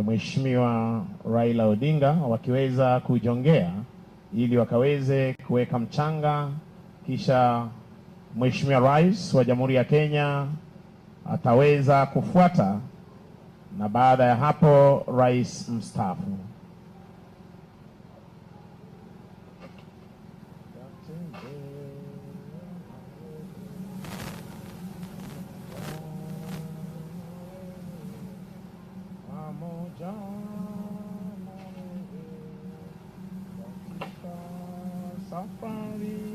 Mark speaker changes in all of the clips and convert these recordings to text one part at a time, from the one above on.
Speaker 1: ya Mheshimiwa Raila Odinga wakiweza kujongea ili wakaweze kuweka mchanga, kisha Mheshimiwa Rais wa Jamhuri ya Kenya ataweza kufuata, na baada ya hapo rais mstaafu. John, Safari.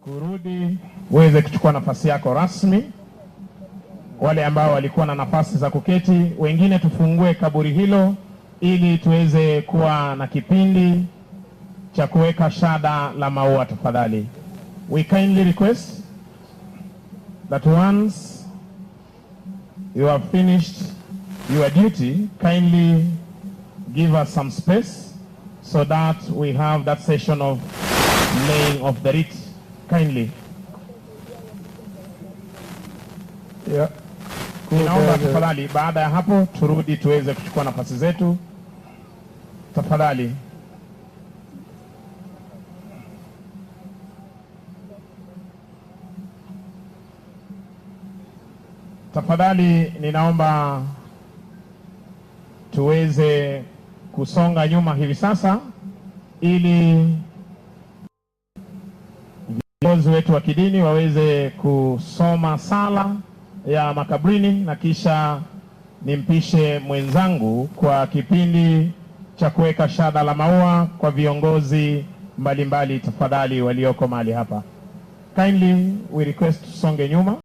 Speaker 2: kurudi uweze kuchukua nafasi yako rasmi. Wale ambao walikuwa na nafasi za kuketi, wengine tufungue kaburi hilo ili tuweze kuwa na kipindi cha kuweka shada la maua. Tafadhali, we kindly request that once you have finished your duty kindly give us some space so that we have that session of laying of the wreath kindly. Yeah. Ninaomba tafadhali, baada ya hapo turudi tuweze kuchukua nafasi zetu tafadhali. Tafadhali ninaomba tuweze kusonga nyuma hivi sasa ili viongozi wetu wa kidini waweze kusoma sala ya makabrini na kisha nimpishe mwenzangu kwa kipindi cha kuweka shada la maua kwa viongozi mbalimbali, tafadhali, walioko mahali hapa. Kindly we request tusonge nyuma.